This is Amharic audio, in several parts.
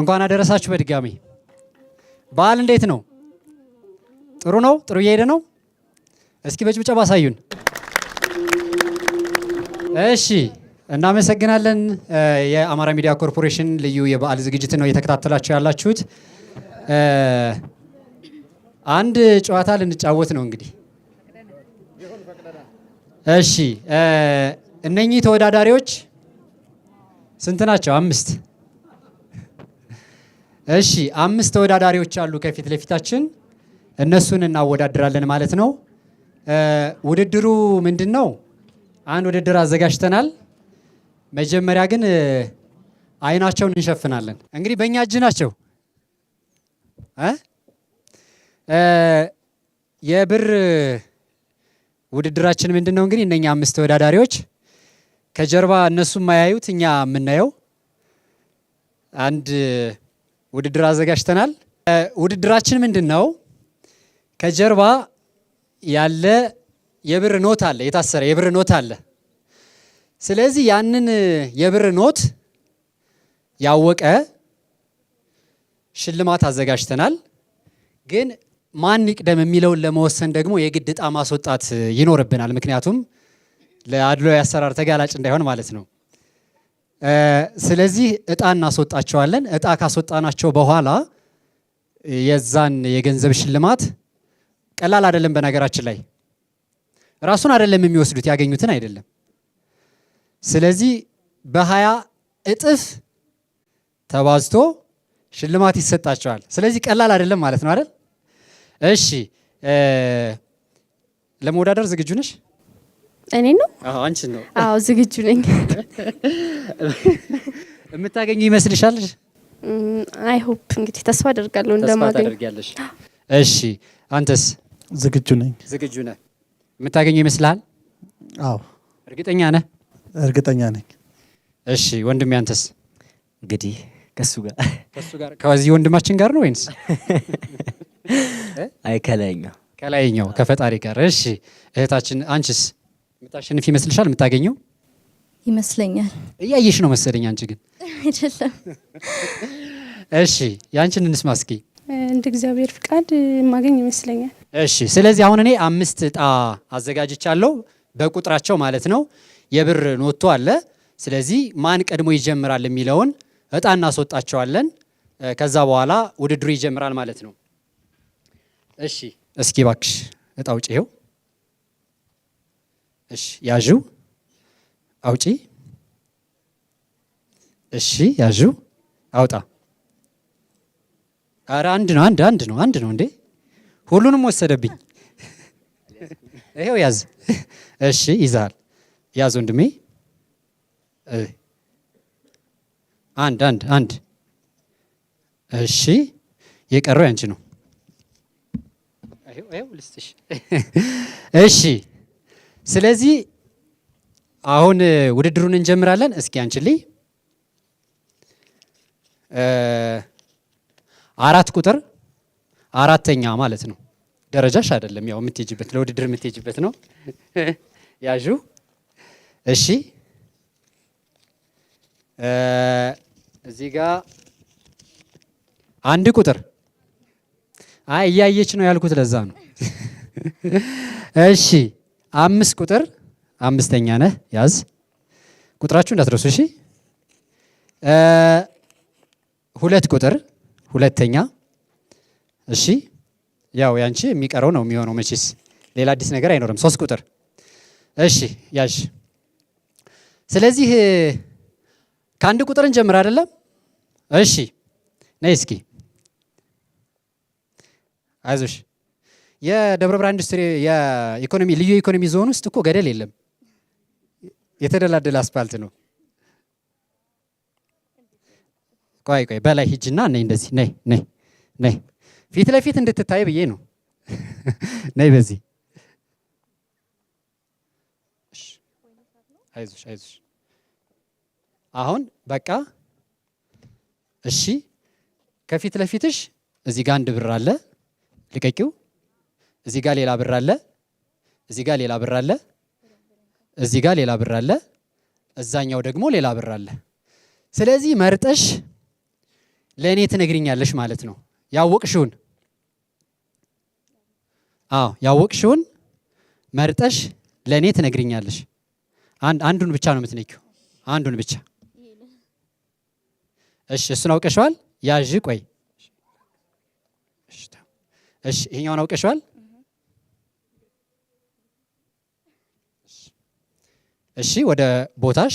እንኳን አደረሳችሁ። በድጋሚ በዓል እንዴት ነው? ጥሩ ነው። ጥሩ እየሄደ ነው። እስኪ በጭብጨባ አሳዩን። እሺ፣ እናመሰግናለን። የአማራ ሚዲያ ኮርፖሬሽን ልዩ የበዓል ዝግጅት ነው እየተከታተላችሁ ያላችሁት። አንድ ጨዋታ ልንጫወት ነው እንግዲህ እሺ እነኚህ ተወዳዳሪዎች ስንት ናቸው? አምስት። እሺ አምስት ተወዳዳሪዎች አሉ ከፊት ለፊታችን እነሱን እናወዳድራለን ማለት ነው። ውድድሩ ምንድን ነው? አንድ ውድድር አዘጋጅተናል። መጀመሪያ ግን አይናቸውን እንሸፍናለን። እንግዲህ በእኛ እጅ ናቸው። የብር ውድድራችን ምንድን ነው እንግዲህ እነኛ አምስት ተወዳዳሪዎች ከጀርባ እነሱ የማያዩት እኛ የምናየው አንድ ውድድር አዘጋጅተናል። ውድድራችን ምንድን ነው? ከጀርባ ያለ የብር ኖት አለ፣ የታሰረ የብር ኖት አለ። ስለዚህ ያንን የብር ኖት ያወቀ ሽልማት አዘጋጅተናል ግን ማን ይቅደም የሚለውን ለመወሰን ደግሞ የግድ ዕጣ ማስወጣት ይኖርብናል። ምክንያቱም ለአድሏዊ አሰራር ተጋላጭ እንዳይሆን ማለት ነው። ስለዚህ ዕጣ እናስወጣቸዋለን። ዕጣ ካስወጣናቸው በኋላ የዛን የገንዘብ ሽልማት ቀላል አይደለም። በነገራችን ላይ ራሱን አይደለም የሚወስዱት ያገኙትን አይደለም። ስለዚህ በሀያ እጥፍ ተባዝቶ ሽልማት ይሰጣቸዋል። ስለዚህ ቀላል አይደለም ማለት ነው አይደል? እሺ ለመወዳደር ዝግጁ ነሽ? እኔ ነው? አዎ አንቺ ነው? አዎ ዝግጁ ነኝ። የምታገኙ ይመስልሻል? አይ ሆፕ እንግዲህ ተስፋ አደርጋለሁ እንደማገኝ። እሺ አንተስ? ዝግጁ ነኝ። ዝግጁ ነህ? የምታገኙ ይመስልሃል? አዎ። እርግጠኛ ነህ? እርግጠኛ ነኝ። እሺ ወንድሜ አንተስ? እንግዲህ ከሱ ጋር ከሱ ጋር ከዚህ ወንድማችን ጋር ነው ወይንስ አይ ከላይኛው ከላይኛው ከፈጣሪ ጋር። እሺ እህታችን አንቺስ የምታሸንፍ ይመስልሻል? የምታገኘው ይመስለኛል። እያየሽ ነው መሰለኝ። አንቺ ግን አይደለም። እሺ ያንቺን እንስማ እስኪ። እንደ እግዚአብሔር ፍቃድ የማገኝ ይመስለኛል። እሺ ስለዚህ አሁን እኔ አምስት እጣ አዘጋጅቻለሁ በቁጥራቸው ማለት ነው። የብር ኖቶ አለ። ስለዚህ ማን ቀድሞ ይጀምራል የሚለውን እጣ እናስወጣቸዋለን። ከዛ በኋላ ውድድሩ ይጀምራል ማለት ነው። እሺ እስኪ እባክሽ እጣ ውጪ። ይኸው እሺ፣ ያዥው፣ አውጪ። እሺ፣ ያዥው፣ አውጣ። አረ አንድ ነው፣ አንድ አንድ ነው፣ አንድ ነው። እንዴ ሁሉንም ወሰደብኝ። ይኸው ያዝ። እሺ፣ ይዛል። ያዝ ወንድሜ። አንድ አንድ አንድ። እሺ፣ የቀረው ያንቺ ነው። ልስጥሽ። እሺ፣ ስለዚህ አሁን ውድድሩን እንጀምራለን። እስኪ አንችልኝ አራት ቁጥር አራተኛ ማለት ነው። ደረጃሽ አይደለም ያው የምትሄጂበት ለውድድር የምትሄጅበት ነው። ያዥ እሺ። እዚህ ጋር አንድ ቁጥር አይ እያየች ነው ያልኩት ለዛ ነው። እሺ አምስት ቁጥር አምስተኛ ነህ ያዝ። ቁጥራችሁ እንዳትረሱ እሺ። ሁለት ቁጥር ሁለተኛ። እሺ ያው ያንቺ የሚቀረው ነው የሚሆነው መቼስ ሌላ አዲስ ነገር አይኖርም። ሶስት ቁጥር እሺ ያዥ። ስለዚህ ከአንድ ቁጥር እንጀምር አይደለም? እሺ ነይ እስኪ አይዞሽ። የደብረ ብርሃን ኢንዱስትሪ የኢኮኖሚ ልዩ ኢኮኖሚ ዞን ውስጥ እኮ ገደል የለም፣ የተደላደለ አስፋልት ነው። ቆይ ቆይ፣ በላይ ሂጅና ነይ፣ እንደዚህ ነይ፣ ነይ፣ ነይ። ፊት ለፊት እንድትታይ ብዬ ነው። ነይ፣ በዚህ አይዞሽ፣ አይዞሽ። አሁን በቃ እሺ። ከፊት ለፊትሽ እዚህ ጋር አንድ ብር አለ ልቀቂው። እዚህ ጋር ሌላ ብር አለ፣ እዚህ ጋር ሌላ ብር አለ፣ እዚህ ጋር ሌላ ብር አለ፣ እዛኛው ደግሞ ሌላ ብር አለ። ስለዚህ መርጠሽ ለእኔ ትነግሪኛለሽ ማለት ነው። ያወቅሽውን አዎ፣ ያወቅሽውን መርጠሽ ለእኔ ትነግሪኛለሽ። አንዱን ብቻ ነው የምትነኪው፣ አንዱን ብቻ። እሺ፣ እሱን አውቀሸዋል። ያዥ ቆይ እሺ ይሄኛውን አውቀሽዋል? እሺ ወደ ቦታሽ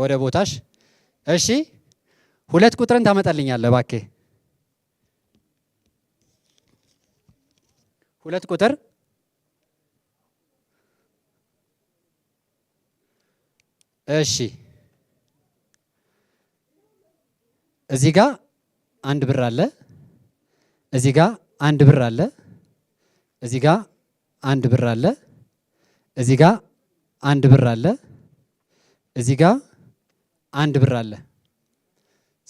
ወደ ቦታሽ። እሺ ሁለት ቁጥርን ታመጣልኛለህ ባኬ ሁለት ቁጥር እሺ እዚህ ጋር አንድ ብር አለ፣ እዚህ ጋር አንድ ብር አለ፣ እዚህ ጋር አንድ ብር አለ፣ እዚህ ጋር አንድ ብር አለ፣ እዚህ ጋር አንድ ብር አለ።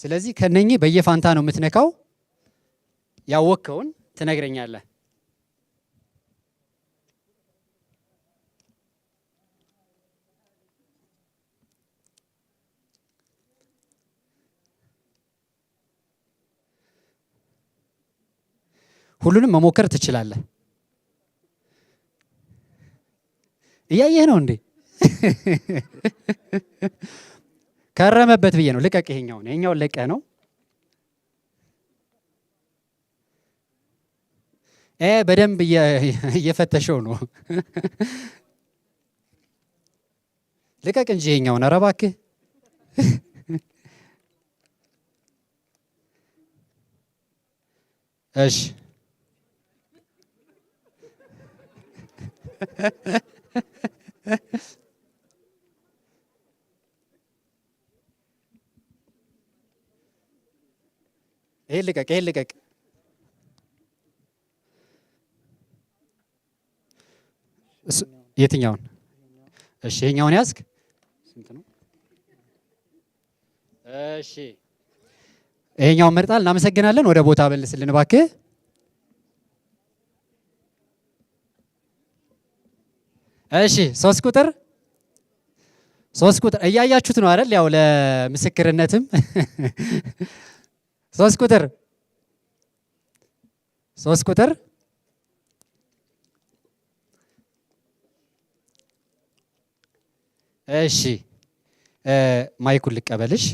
ስለዚህ ከነኚህ በየፋንታ ነው የምትነካው። ያወቅከውን ትነግረኛለህ። ሁሉንም መሞከር ትችላለህ። እያየህ ነው እንዴ? ከረመበት ብዬ ነው። ልቀቅ ይሄኛውን፣ ይሄኛውን ለቀ ነው። በደንብ እየፈተሸው ነው። ልቀቅ እንጂ ይሄኛውን፣ አረባክህ እሺ ይሄን ልቀቅ፣ ይሄን ልቀቅ። የትኛውን? እሺ፣ ይሄኛውን ያዝክ። ስንት ነው? እሺ፣ ይሄኛውን መርጣል። እናመሰግናለን። ወደ ቦታ መልስልን እባክህ። እሺ ሶስት ቁጥር ሶስት ቁጥር እያያችሁት ነው አይደል? ያው ለምስክርነትም ሶስት ቁጥር ሶስት ቁጥር እሺ ማይኩን ልቀበልሽ።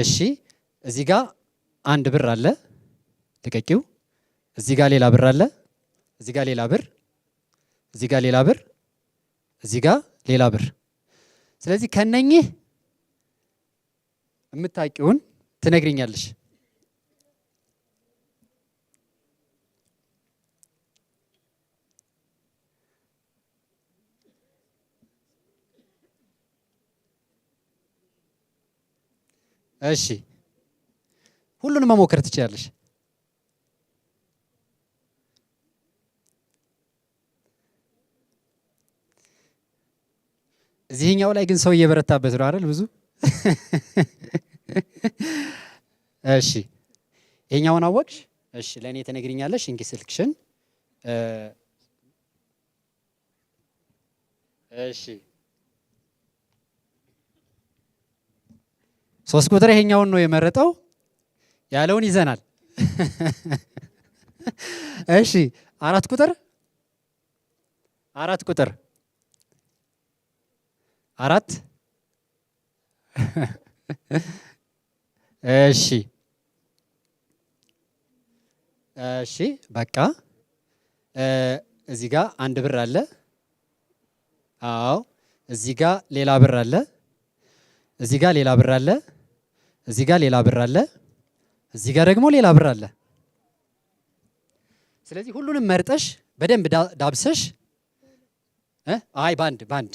እሺ እዚህ ጋ አንድ ብር አለ፣ ልቀቂው። እዚህ ጋ ሌላ ብር አለ፣ እዚህ ጋ ሌላ ብር እዚህ ጋር ሌላ ብር፣ እዚህ ጋር ሌላ ብር። ስለዚህ ከነኚህ የምታውቂውን ትነግሪኛለሽ። እሺ ሁሉንም መሞከር ትችላለሽ። እዚህኛው ላይ ግን ሰው እየበረታበት ነው አይደል? ብዙ እሺ፣ ይሄኛውን አወቅሽ? እሺ፣ ለእኔ ተነግሪኛለሽ። እንኪ ስልክሽን። እሺ፣ ሶስት ቁጥር ይሄኛውን ነው የመረጠው። ያለውን ይዘናል። እሺ፣ አራት ቁጥር አራት ቁጥር አራት እሺ እሺ በቃ እዚህ ጋር አንድ ብር አለ። አዎ እዚህ ጋር ሌላ ብር አለ። እዚህ ጋር ሌላ ብር አለ። እዚህ ጋር ሌላ ብር አለ። እዚህ ጋር ደግሞ ሌላ ብር አለ። ስለዚህ ሁሉንም መርጠሽ በደንብ ዳብሰሽ አይ ባንድ ባንድ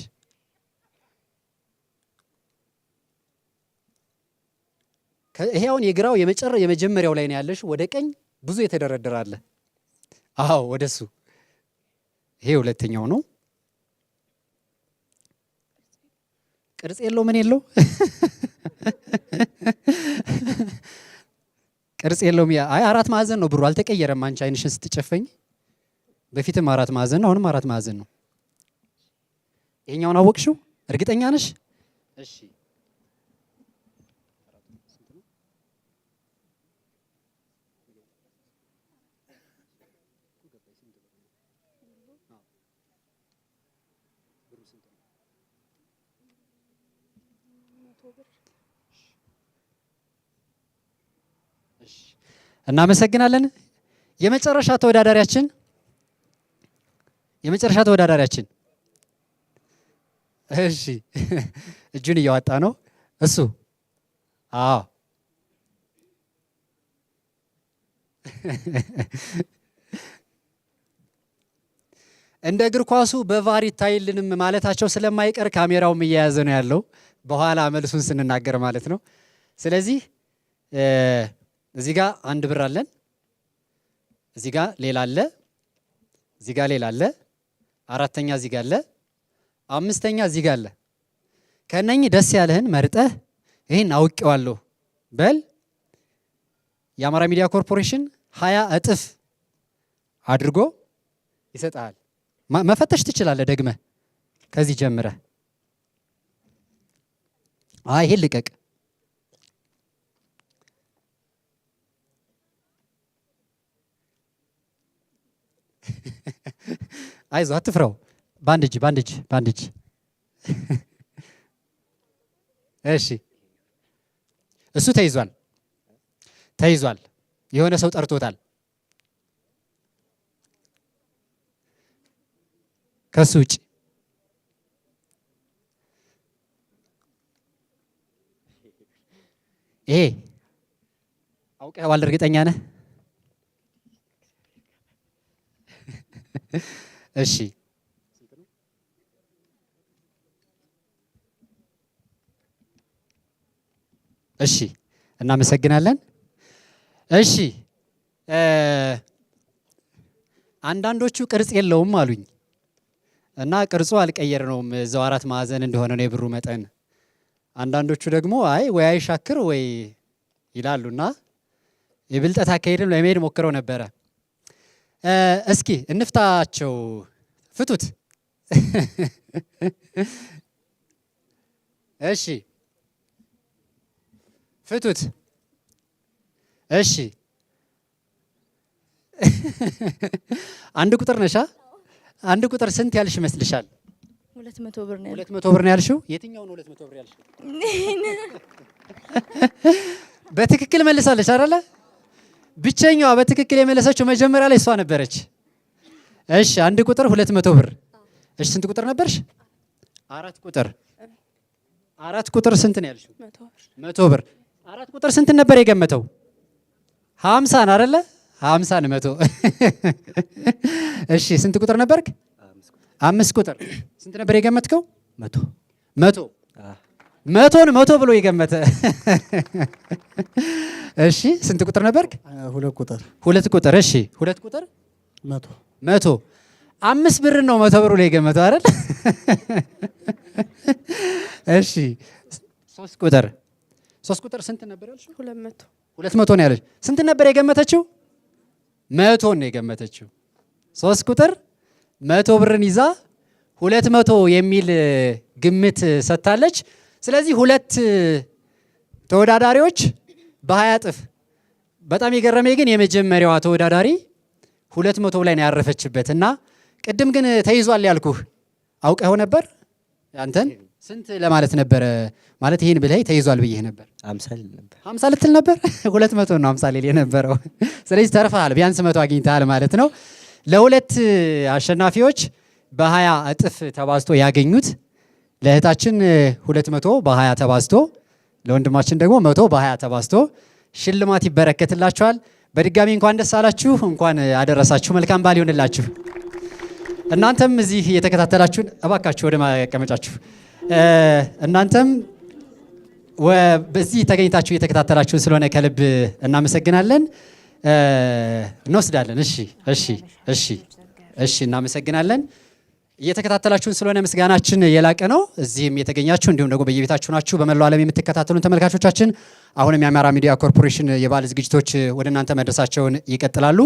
ይሄ አሁን የግራው የመጨረ የመጀመሪያው ላይ ነው ያለሽ። ወደ ቀኝ ብዙ የተደረደረ አለ። አዎ ወደሱ። ይሄ ሁለተኛው ነው። ቅርጽ የለው ምን የለው ቅርጽ የለውም። አይ አራት ማዕዘን ነው ብሩ አልተቀየረም። አንቺ አይንሽን ስትጨፈኝ በፊትም አራት ማዕዘን ነው፣ አሁንም አራት ማዕዘን ነው። ይሄኛውን አወቅሽው? እርግጠኛ ነሽ? እሺ እናመሰግናለን። የመጨረሻ ተወዳዳሪያችን የመጨረሻ ተወዳዳሪያችን እሺ፣ እጁን እያወጣ ነው እሱ። አዎ እንደ እግር ኳሱ በቫር ይታይልንም ማለታቸው ስለማይቀር ካሜራውም እየያዘ ነው ያለው፣ በኋላ መልሱን ስንናገር ማለት ነው። ስለዚህ እዚህ ጋር አንድ ብር አለን። እዚህ ጋር ሌላ አለ። እዚህ ጋር ሌላ አለ። አራተኛ እዚህ ጋር አለ። አምስተኛ እዚህ ጋር አለ። ከነኚህ ደስ ያለህን መርጠህ ይህን አውቄዋለሁ በል። የአማራ ሚዲያ ኮርፖሬሽን ሀያ እጥፍ አድርጎ ይሰጣል። መፈተሽ ትችላለህ ደግመህ ከዚህ ጀምረህ። አይ ይሄን ልቀቅ አይዞ አትፍራው። በአንድ እጅ በአንድ እጅ በአንድ እጅ። እሺ እሱ ተይዟል ተይዟል። የሆነ ሰው ጠርቶታል። ከሱ ውጭ ይሄ አውቀዋል። እርግጠኛ ነህ? እሺ እሺ እናመሰግናለን። እሺ አንዳንዶቹ ቅርጽ የለውም አሉኝ እና ቅርጹ አልቀየር ነውም እዛው አራት ማዕዘን እንደሆነ ነው የብሩ መጠን። አንዳንዶቹ ደግሞ አይ ወይ አይሻክር ወይ ይላሉና የብልጠት አካሄድም ለመሄድ ሞክረው ነበረ። እስኪ እንፍታቸው፣ ፍቱት። እሺ ፍቱት። እሺ አንድ ቁጥር ነሻ። አንድ ቁጥር ስንት ያልሽ ይመስልሻል? ሁለት መቶ ብር ነው ያልሽው። ሁለት መቶ ብር ነው ያልሽው። የትኛውን ሁለት መቶ ብር ያልሽው? በትክክል መልሳለች አይደለ? ብቸኛዋ በትክክል የመለሰችው መጀመሪያ ላይ እሷ ነበረች። እሺ አንድ ቁጥር ሁለት መቶ ብር። እሺ ስንት ቁጥር ነበርሽ? አራት ቁጥር። አራት ቁጥር ስንት ነው ያልሽው? መቶ ብር። አራት ቁጥር ስንት ነበር የገመተው? ሀምሳን አይደለ? ሀምሳን መቶ። እሺ ስንት ቁጥር ነበርክ? አምስት ቁጥር። ስንት ነበር የገመትከው? መቶ መቶ መቶን መቶ ብሎ የገመተ እሺ፣ ስንት ቁጥር ነበርክ? ሁለት ቁጥር ሁለት ቁጥር እሺ፣ ሁለት ቁጥር መቶ መቶ አምስት ብር ነው መቶ ብር ላይ የገመተው አይደል? እሺ፣ ሶስት ቁጥር ሶስት ቁጥር ስንት ነበር ያልሽ? ሁለት መቶ ሁለት መቶ ነው ያለሽ። ስንት ነበር የገመተችው? መቶን ነው የገመተችው። ሶስት ቁጥር መቶ ብርን ይዛ ሁለት መቶ የሚል ግምት ሰጥታለች። ስለዚህ ሁለት ተወዳዳሪዎች በሀያ እጥፍ። በጣም የገረመኝ ግን የመጀመሪያዋ ተወዳዳሪ ሁለት መቶ ላይ ነው ያረፈችበት እና ቅድም ግን ተይዟል ያልኩህ አውቀኸው ነበር አንተን ስንት ለማለት ነበረ ማለት ይህን ብለህ ተይዟል ብዬህ ነበር። ሀምሳ ልትል ነበር። ሁለት መቶ ነው ሀምሳ ሌል የነበረው። ስለዚህ ተርፈሃል፣ ቢያንስ መቶ አግኝተሃል ማለት ነው። ለሁለት አሸናፊዎች በሀያ እጥፍ ተባዝቶ ያገኙት ለእህታችን ሁለት መቶ በሀያ ተባዝቶ ለወንድማችን ደግሞ መቶ በሀያ ተባዝቶ ሽልማት ይበረከትላችኋል። በድጋሚ እንኳን ደስ አላችሁ፣ እንኳን አደረሳችሁ። መልካም በዓል ይሆንላችሁ። እናንተም እዚህ የተከታተላችሁን እባካችሁ ወደ ማቀመጫችሁ እናንተም በዚህ ተገኝታችሁ እየተከታተላችሁን ስለሆነ ከልብ እናመሰግናለን። እንወስዳለን። እሺ፣ እሺ፣ እሺ፣ እሺ፣ እናመሰግናለን። እየተከታተላችሁን ስለሆነ ምስጋናችን የላቀ ነው። እዚህም የተገኛችሁ እንዲሁም ደግሞ በየቤታችሁ ናችሁ በመላው ዓለም የምትከታተሉን ተመልካቾቻችን አሁንም የአማራ ሚዲያ ኮርፖሬሽን የበዓል ዝግጅቶች ወደ እናንተ መድረሳቸውን ይቀጥላሉ።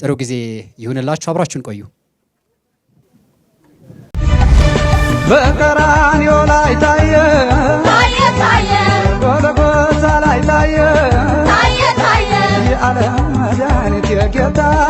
ጥሩ ጊዜ ይሁንላችሁ። አብራችሁን ቆዩ። በቀራንዮ ላይ ታየ ታየ ጎልጎታ ላይ ታየ ታየ ታየ የዓለም መድኃኒት የጌታ